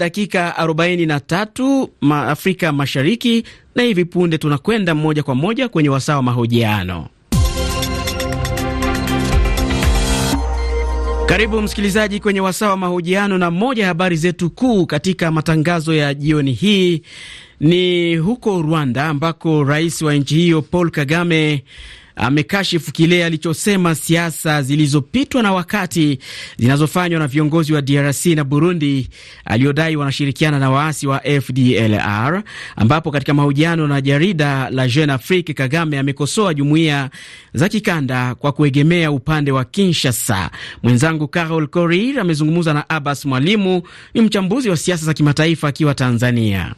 dakika 43 ma Afrika Mashariki, na hivi punde tunakwenda moja kwa moja kwenye wasaa wa mahojiano. Karibu msikilizaji kwenye wasaa wa mahojiano, na moja ya habari zetu kuu katika matangazo ya jioni hii ni huko Rwanda ambako rais wa nchi hiyo Paul Kagame amekashifu kile alichosema siasa zilizopitwa na wakati zinazofanywa na viongozi wa DRC na Burundi aliyodai wanashirikiana na waasi wa FDLR, ambapo katika mahojiano na jarida la Jeune Afrique Kagame amekosoa jumuiya za kikanda kwa kuegemea upande wa Kinshasa. Mwenzangu Carol corir amezungumza na Abbas Mwalimu, ni mchambuzi wa siasa za kimataifa akiwa Tanzania.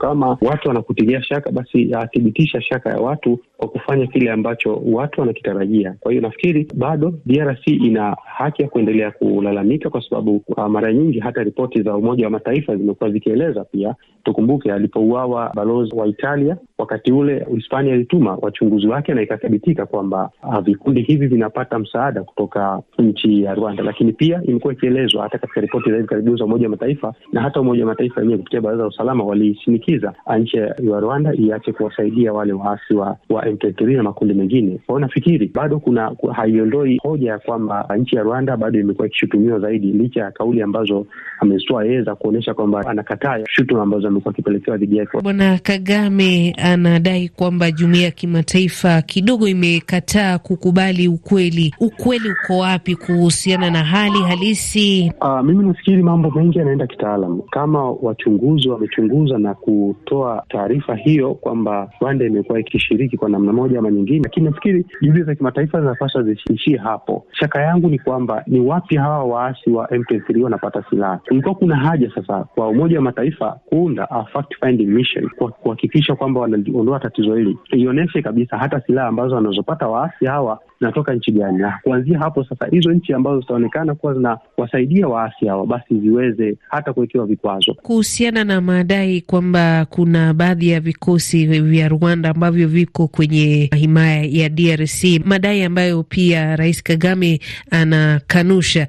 Kama watu wanakutilia shaka, basi athibitisha shaka ya watu kwa kufanya kile ambacho watu wanakitarajia. Kwa hiyo nafikiri bado DRC ina haki ya kuendelea kulalamika, kwa sababu uh, mara nyingi hata ripoti za Umoja wa Mataifa zimekuwa zikieleza pia. Tukumbuke alipouawa balozi wa Italia wakati ule Hispania ilituma wachunguzi wake na ikathibitika kwamba ah, vikundi hivi vinapata msaada kutoka nchi ya Rwanda, lakini pia imekuwa ikielezwa hata katika ripoti za hivi karibuni za Umoja wa Mataifa na hata Umoja wa Mataifa wenyewe kupitia Baraza la Usalama walishinikiza ah, nchi ya Rwanda iache kuwasaidia wale waasi wa, wa M23 na makundi mengine. Kwao nafikiri bado kuna haiondoi hoja ya kwamba nchi ya Rwanda bado imekuwa ikishutumiwa zaidi, licha ya kauli ambazo amezitoa yeye za kuonyesha kwamba anakataa shutuma ambazo amekuwa akipelekewa dhidi yake. Bwana Kagame anadai kwamba jumuiya ya kimataifa kidogo imekataa kukubali ukweli. Ukweli uko wapi kuhusiana na hali halisi? Uh, mimi nafikiri mambo mengi yanaenda kitaalam. Kama wachunguzi wamechunguza na kutoa taarifa hiyo kwamba Rwanda imekuwa ikishiriki kwa namna moja ama nyingine, lakini nafikiri jumuiya za kimataifa zinapaswa ziishie hapo. Shaka yangu ni kwamba ni wapi hawa waasi wa M23 wanapata silaha? Kulikuwa kuna haja sasa kwa Umoja wa Mataifa kuunda a fact finding mission kwa kuhakikisha kwamba kuondoa tatizo hili, ionyeshe kabisa hata silaha ambazo wanazopata waasi hawa zinatoka nchi gani, na kuanzia hapo sasa hizo nchi ambazo zitaonekana kuwa zinawasaidia waasi hawa basi ziweze hata kuwekewa vikwazo. Kuhusiana na madai kwamba kuna baadhi ya vikosi vya Rwanda ambavyo viko kwenye himaya ya DRC, madai ambayo pia Rais Kagame anakanusha,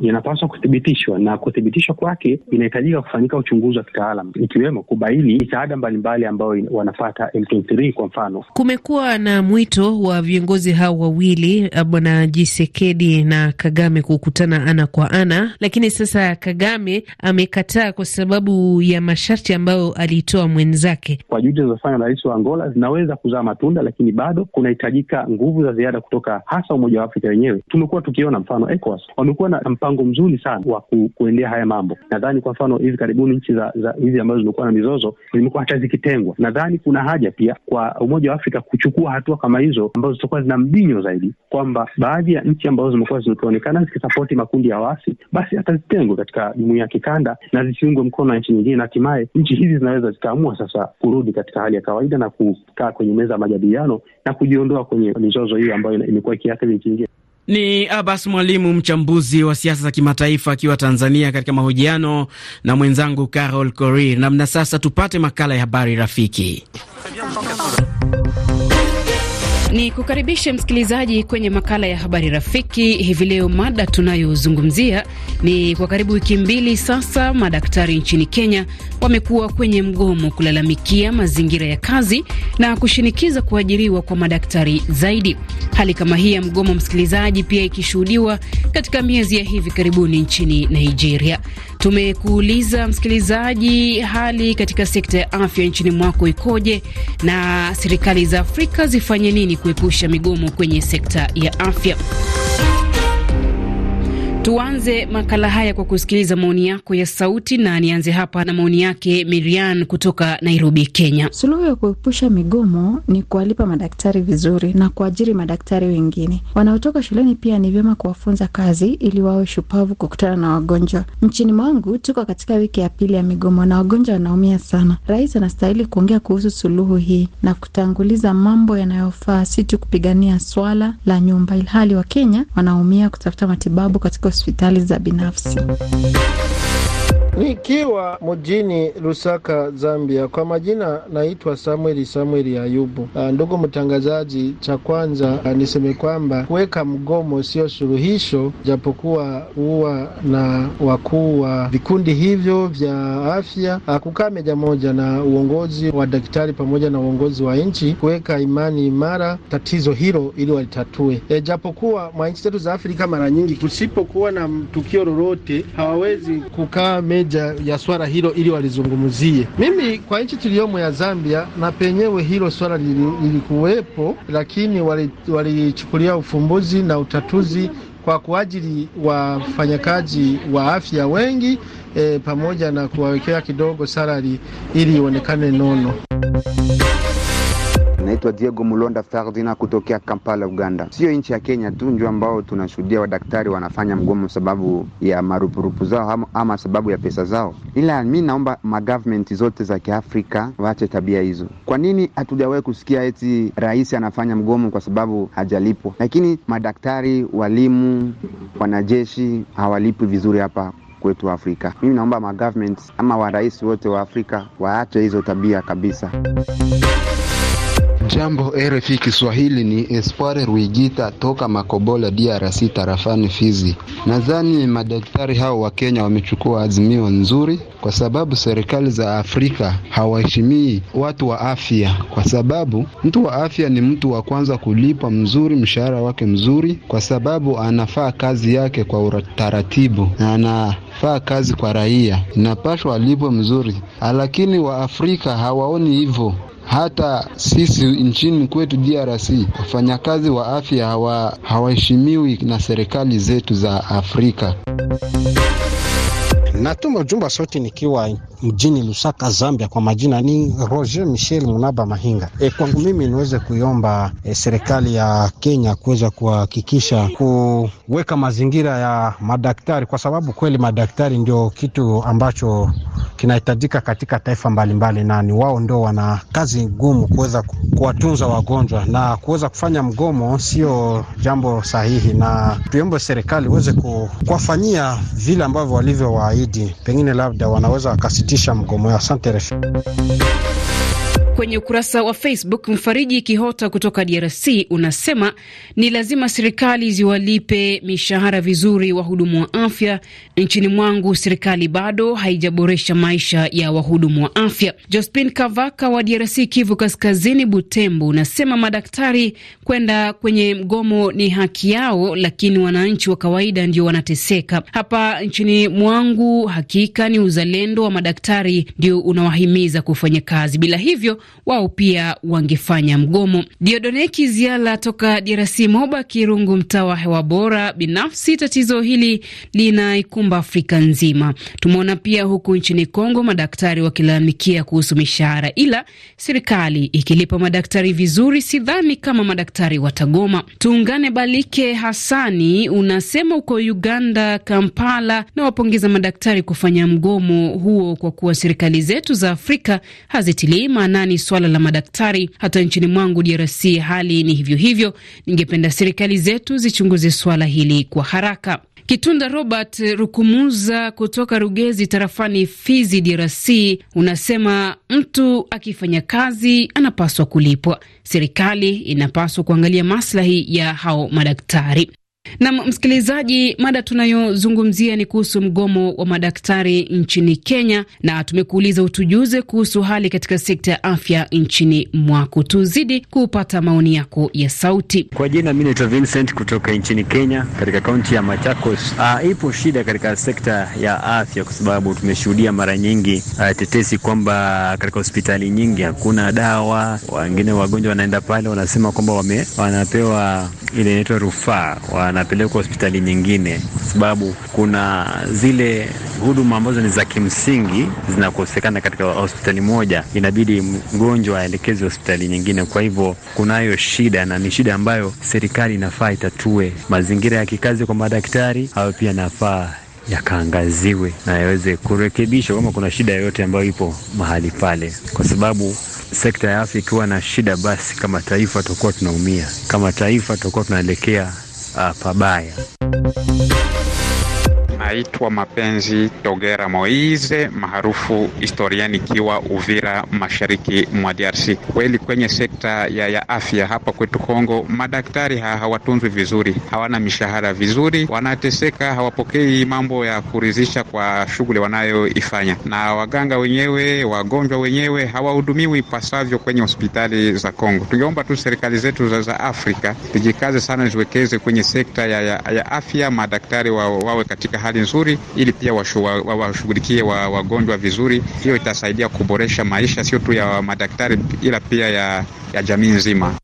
yanapaswa kuthibitishwa na kuthibitishwa kwake inahitajika kufanyika uchunguzi wa kitaalam, ikiwemo kubaini misaada mbalimbali ambayo wanapata M23. Kwa mfano, kumekuwa na mwito wa viongozi hao wawili eh, bwana Jisekedi na Kagame kukutana ana kwa ana, lakini sasa Kagame amekataa kwa sababu ya masharti ambayo alitoa mwenzake. Kwa juhudi zinazofanya na rais wa Angola zinaweza kuzaa matunda, lakini bado kunahitajika nguvu za ziada kutoka hasa Umoja wa Afrika wenyewe. Tumekuwa tukiona mfano ECOWAS wamekuwa na mpango mzuri sana wa ku, kuendea haya mambo. Nadhani kwa mfano hivi karibuni nchi za, za hizi ambazo zimekuwa na mizozo zimekuwa hata zikitengwa. Nadhani kuna haja pia kwa Umoja wa Afrika kuchukua hatua kama hizo ambazo zitakuwa zina mbinyo zaidi kwamba baadhi ya nchi ambazo zimekuwa zikionekana zikisapoti makundi ya waasi, basi hata zitengwe katika jumuia ya kikanda na zisiungwe mkono na nchi nyingine, na hatimaye nchi hizi zinaweza zikaamua sasa kurudi katika hali ya kawaida na kukaa kwenye meza ya majadiliano na kujiondoa kwenye mizozo hiyo ambayo imekuwa ikiathiri nchi nyingine. Ni Abbas Mwalimu, mchambuzi wa siasa za kimataifa akiwa Tanzania, katika mahojiano na mwenzangu Carol Korir. Namna sasa tupate makala ya habari rafiki ni kukaribishe msikilizaji kwenye makala ya habari rafiki hivi leo. Mada tunayozungumzia ni kwa karibu wiki mbili sasa, madaktari nchini Kenya wamekuwa kwenye mgomo kulalamikia mazingira ya kazi na kushinikiza kuajiriwa kwa madaktari zaidi. Hali kama hii ya mgomo, msikilizaji, pia ikishuhudiwa katika miezi ya hivi karibuni nchini Nigeria. Tumekuuliza msikilizaji, hali katika sekta ya afya nchini mwako ikoje na serikali za Afrika zifanye nini kuepusha migomo kwenye sekta ya afya. Tuanze makala haya kwa kusikiliza maoni yako ya sauti, na nianze hapa na maoni yake Mirian kutoka Nairobi, Kenya. Suluhu ya kuepusha migomo ni kuwalipa madaktari vizuri na kuajiri madaktari wengine wanaotoka shuleni. Pia ni vyema kuwafunza kazi ili wawe shupavu kukutana na wagonjwa. Nchini mwangu tuko katika wiki ya pili ya migomo na wagonjwa wanaumia sana. Rais anastahili kuongea kuhusu suluhu hii na kutanguliza mambo yanayofaa, si tu kupigania swala la nyumba, ilhali Wakenya wanaumia kutafuta matibabu katika hospitali za binafsi nikiwa mjini Lusaka, Zambia. Kwa majina naitwa Samueli Samueli Ayubu. Ah, ndugu mtangazaji, cha kwanza ah, niseme kwamba kuweka mgomo sio suluhisho, japokuwa huwa na wakuu wa vikundi hivyo vya afya ah, kukaa meja moja na uongozi wa daktari pamoja na uongozi wa nchi kuweka imani imara tatizo hilo ili walitatue. E, japokuwa mwa nchi zetu za Afrika mara nyingi kusipokuwa na tukio lolote hawawezi kukaa meja moja ya swala hilo ili walizungumzie. Mimi kwa nchi tuliyomo ya Zambia, na penyewe hilo swala lilikuwepo, lakini walichukulia wali ufumbuzi na utatuzi kwa kuajili wafanyakazi wa afya wengi e, pamoja na kuwawekea kidogo salari ili ionekane nono. Naitwa Diego Mulonda Fardina kutokea Kampala, Uganda. Sio nchi ya Kenya tu ndio ambao tunashuhudia wadaktari wanafanya mgomo sababu ya marupurupu zao ama sababu ya pesa zao, ila mi naomba magovernment zote za Kiafrika waache tabia hizo. Kwa nini hatujawahi kusikia eti rais anafanya mgomo kwa sababu hajalipwa? Lakini madaktari, walimu, wanajeshi hawalipwi vizuri hapa kwetu Afrika. Mimi naomba magovernment ama warais wote wa Afrika waache hizo tabia kabisa. Jambo RFI Kiswahili, ni Espoire Ruigita toka Makobola, DRC, tarafani Fizi. Nadhani madaktari hao wa Kenya wamechukua azimio nzuri, kwa sababu serikali za Afrika hawaheshimii watu wa afya, kwa sababu mtu wa afya ni mtu wa kwanza kulipwa mzuri, mshahara wake mzuri, kwa sababu anafaa kazi yake kwa utaratibu na ana faa kazi kwa raia, inapashwa alipwe mzuri, lakini Waafrika hawaoni hivyo. Hata sisi nchini kwetu DRC wafanyakazi wa afya hawaheshimiwi na serikali zetu za Afrika. Natuma ujumbe sauti nikiwa mjini Lusaka, Zambia. Kwa majina ni Roger Michel Munaba Mahinga. E, kwangu mimi niweze kuiomba e, serikali ya Kenya kuweza kuhakikisha kuweka mazingira ya madaktari, kwa sababu kweli madaktari ndio kitu ambacho kinahitajika katika taifa mbalimbali, na ni wao ndio wana kazi ngumu kuweza kuwatunza wagonjwa, na kuweza kufanya mgomo sio jambo sahihi, na tuiombe serikali iweze kuwafanyia vile ambavyo walivyowaahidi zaidi, pengine labda wanaweza wakasitisha mgomo. Asante kwenye ukurasa wa Facebook, Mfariji Kihota kutoka DRC unasema ni lazima serikali ziwalipe mishahara vizuri wahudumu wa afya. Nchini mwangu serikali bado haijaboresha maisha ya wahudumu wa afya. Jospin Kavaka wa DRC, Kivu Kaskazini, Butembo, unasema madaktari kwenda kwenye mgomo ni haki yao, lakini wananchi wa kawaida ndio wanateseka. Hapa nchini mwangu hakika ni uzalendo wa madaktari ndio unawahimiza kufanya kazi, bila hivyo wao pia wangefanya mgomo. Diodone Kiziala toka DRC, Moba Kirungu, mtaa wa hewa bora. Binafsi, tatizo hili linaikumba Afrika nzima. Tumeona pia huku nchini Kongo madaktari wakilalamikia kuhusu mishahara, ila serikali ikilipa madaktari vizuri, sidhani kama madaktari watagoma. Tuungane. Balike Hasani unasema uko Uganda, Kampala, na wapongeza madaktari kufanya mgomo huo kwa kuwa serikali zetu za Afrika hazitilii maanani swala la madaktari. Hata nchini mwangu DRC hali ni hivyo hivyo. Ningependa serikali zetu zichunguze swala hili kwa haraka. Kitunda Robert Rukumuza kutoka Rugezi tarafani Fizi, DRC, unasema mtu akifanya kazi anapaswa kulipwa. Serikali inapaswa kuangalia maslahi ya hao madaktari nam msikilizaji, mada tunayozungumzia ni kuhusu mgomo wa madaktari nchini Kenya, na tumekuuliza utujuze kuhusu hali katika sekta ya afya nchini mwako. Tuzidi kupata maoni yako ya sauti. Kwa jina, mi naitwa Vincent kutoka nchini Kenya, katika kaunti ya Machakos. Uh, ipo shida katika sekta ya afya kwa sababu tumeshuhudia mara nyingi uh, tetesi kwamba katika hospitali nyingi hakuna dawa. Wengine wagonjwa wanaenda pale wanasema kwamba wame, wanapewa ile inaitwa rufaa wanapelekwa hospitali nyingine, kwa sababu kuna zile huduma ambazo ni za kimsingi zinakosekana katika hospitali moja, inabidi mgonjwa aelekezwe hospitali nyingine. Kwa hivyo kunayo shida, na ni shida ambayo serikali inafaa itatue. Mazingira ya kikazi kwa madaktari hayo pia nafaa yakaangaziwe na yaweze kurekebishwa kama kuna shida yoyote ambayo ipo mahali pale, kwa sababu sekta ya afya ikiwa na shida, basi kama taifa tutakuwa tunaumia, kama taifa tutakuwa tunaelekea ah, pabaya. Naitwa Mapenzi Togera Moize maarufu historiani, ikiwa Uvira, mashariki mwa DRC. Kweli kwenye sekta ya, ya afya hapa kwetu Kongo, madaktari ha, hawatunzwi vizuri, hawana mishahara vizuri, wanateseka, hawapokei mambo ya kuridhisha kwa shughuli wanayoifanya, na waganga wenyewe, wagonjwa wenyewe hawahudumiwi ipasavyo kwenye hospitali za Kongo. Tungeomba tu serikali zetu za, za Afrika tujikaze sana, ziwekeze kwenye sekta ya, ya, ya afya, madaktari wa, wawe katika hali hospitali nzuri, ili pia washughulikie wa, wa wagonjwa vizuri. Hiyo itasaidia kuboresha maisha sio tu ya madaktari, ila pia ya, ya jamii nzima.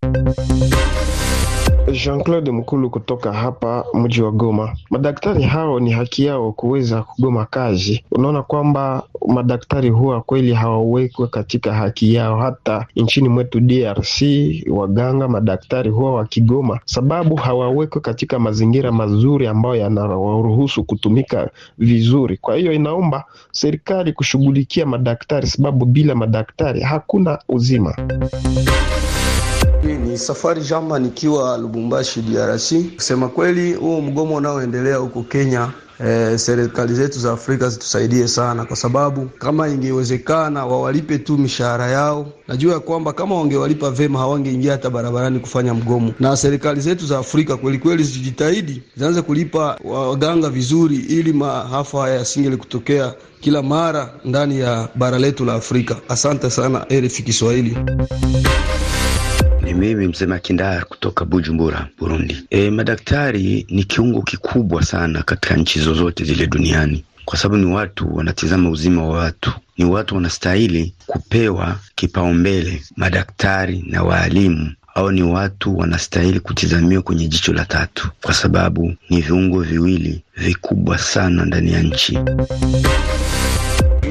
Jean-Claude Mkulu kutoka hapa mji wa Goma. Madaktari hao ni haki yao kuweza kugoma kazi. Unaona kwamba madaktari huwa kweli hawawekwe katika haki yao. Hata nchini mwetu DRC, waganga madaktari huwa wakigoma, sababu hawawekwe katika mazingira mazuri ambayo yanawaruhusu kutumika vizuri. Kwa hiyo inaomba serikali kushughulikia madaktari, sababu bila madaktari hakuna uzima. Hii ni safari jama nikiwa Lubumbashi DRC. Kusema kweli, huo mgomo unaoendelea huko Kenya e, serikali zetu za Afrika zitusaidie sana, kwa sababu kama ingewezekana wawalipe tu mishahara yao. Najua ya kwamba kama wangewalipa vema hawangeingia hata barabarani kufanya mgomo, na serikali zetu za Afrika kweli kweli zijitahidi, zianze kulipa waganga vizuri, ili maafa haya yasingeli kutokea kila mara ndani ya bara letu la Afrika. Asante sana RFI Kiswahili mimi mzee Makindar kutoka Bujumbura, Burundi. E, madaktari ni kiungo kikubwa sana katika nchi zozote zile duniani kwa sababu ni watu wanatizama uzima wa watu, ni watu wanastahili kupewa kipaumbele. Madaktari na waalimu au ni watu wanastahili kutizamiwa kwenye jicho la tatu, kwa sababu ni viungo viwili vikubwa sana ndani ya nchi.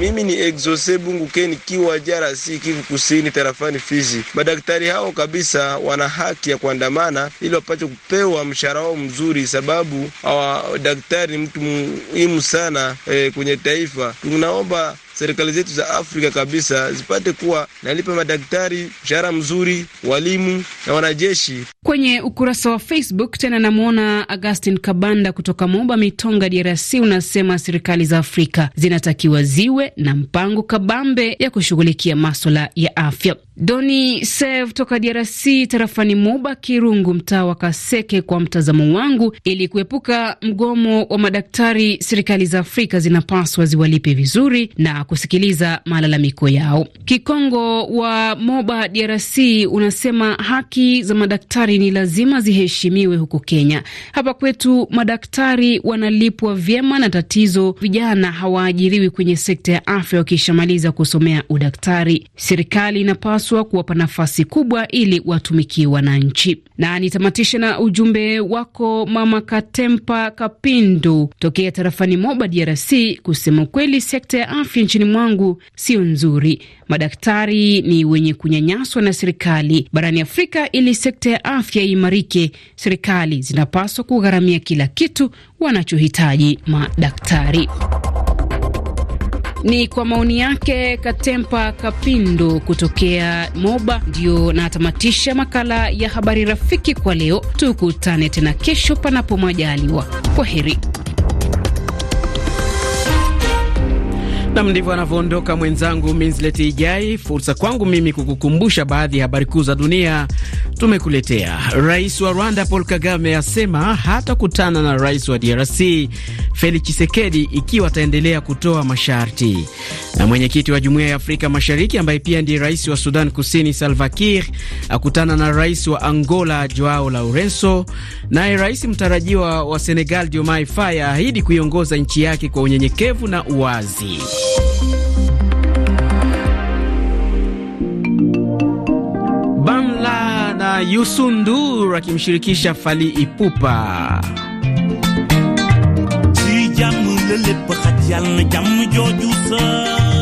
Mimi ni Exose Bungu Keni kiwa DRC Kivu Kusini tarafani Fizi. Madaktari hao kabisa wana haki ya kuandamana ili wapate kupewa mshahara wao mzuri, sababu awa daktari ni mtu muhimu sana e, kwenye taifa. Tunaomba serikali zetu za Afrika kabisa zipate kuwa nalipa madaktari mshahara mzuri, walimu na wanajeshi. Kwenye ukurasa wa Facebook tena namwona Augustin Kabanda kutoka Moba Mitonga, DRC, unasema serikali za Afrika zinatakiwa ziwe na mpango kabambe ya kushughulikia maswala ya afya. Doni Sev toka DRC tarafani Moba Kirungu, mtaa wa Kaseke. Kwa mtazamo wangu, ili kuepuka mgomo wa madaktari, serikali za Afrika zinapaswa ziwalipe vizuri na kusikiliza malalamiko yao. Kikongo wa Moba DRC unasema haki za madaktari ni lazima ziheshimiwe huko Kenya. Hapa kwetu madaktari wanalipwa vyema, na tatizo vijana hawaajiriwi kwenye sekta ya afya wakishamaliza kusomea udaktari. Serikali inapaswa wanapaswa kuwapa nafasi kubwa ili watumikie wananchi. Na nitamatisha na ujumbe wako Mama Katempa Kapindu tokea tarafani Moba, DRC, kusema kweli, sekta ya afya nchini mwangu sio nzuri. Madaktari ni wenye kunyanyaswa na serikali barani Afrika. Ili sekta ya afya iimarike, serikali zinapaswa kugharamia kila kitu wanachohitaji madaktari. Ni kwa maoni yake Katempa Kapindo kutokea Moba. ndio natamatisha makala ya habari rafiki kwa leo. Tukutane tena kesho, panapo majaliwa. Kwa heri. Nam, ndivyo anavyoondoka mwenzangu Minsleti Ijai. Fursa kwangu mimi kukukumbusha baadhi ya habari kuu za dunia tumekuletea. Rais wa Rwanda Paul Kagame asema hatakutana na rais wa DRC Felix Tshisekedi ikiwa ataendelea kutoa masharti, na mwenyekiti wa Jumuiya ya Afrika Mashariki ambaye pia ndiye rais wa Sudan Kusini Salva Kiir akutana na rais wa Angola Joao Lourenco, naye rais mtarajiwa wa Senegal Diomaye Faye ahidi kuiongoza nchi yake kwa unyenyekevu na uwazi. Bamla na Yusundur akimshirikisha fali Ipupa. Si jàmm la lépp jam yàlla sa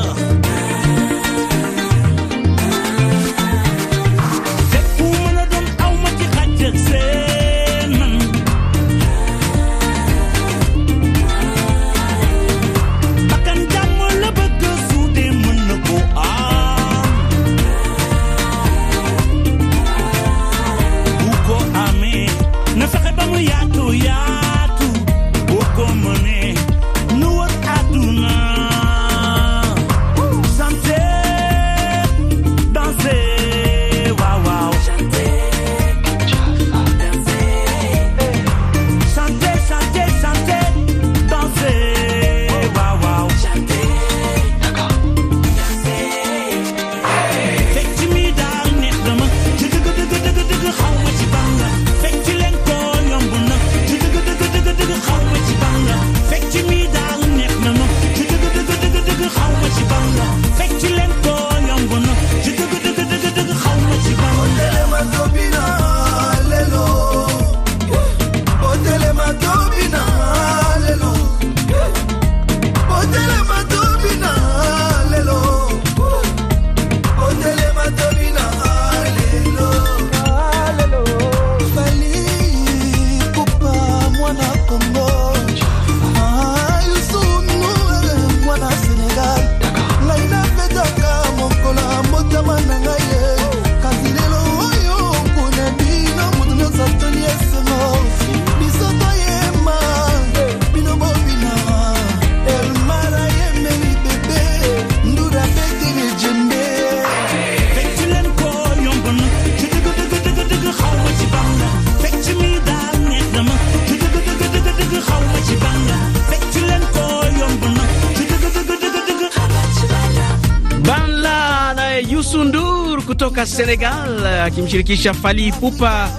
kutoka Senegal akimshirikisha fali pupa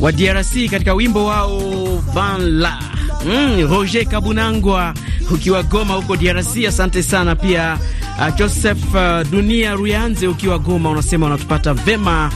wa DRC katika wimbo wao Banla. Mm, Roger Kabunangwa ukiwa Goma huko DRC, asante sana pia. Uh, Joseph uh, Dunia Ruyanze ukiwa Goma unasema unatupata vema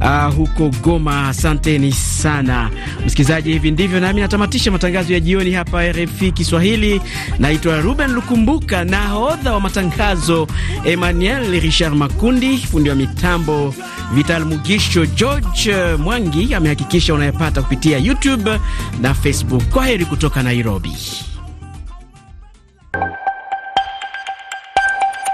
uh, huko Goma. Asanteni sana msikilizaji, hivi ndivyo nami natamatisha matangazo ya jioni hapa RFI Kiswahili. Naitwa Ruben Lukumbuka, nahodha wa matangazo Emmanuel Richard Makundi, fundi wa mitambo Vital Mugisho. George Mwangi amehakikisha unayepata kupitia YouTube na Facebook. Kwa heri kutoka Nairobi.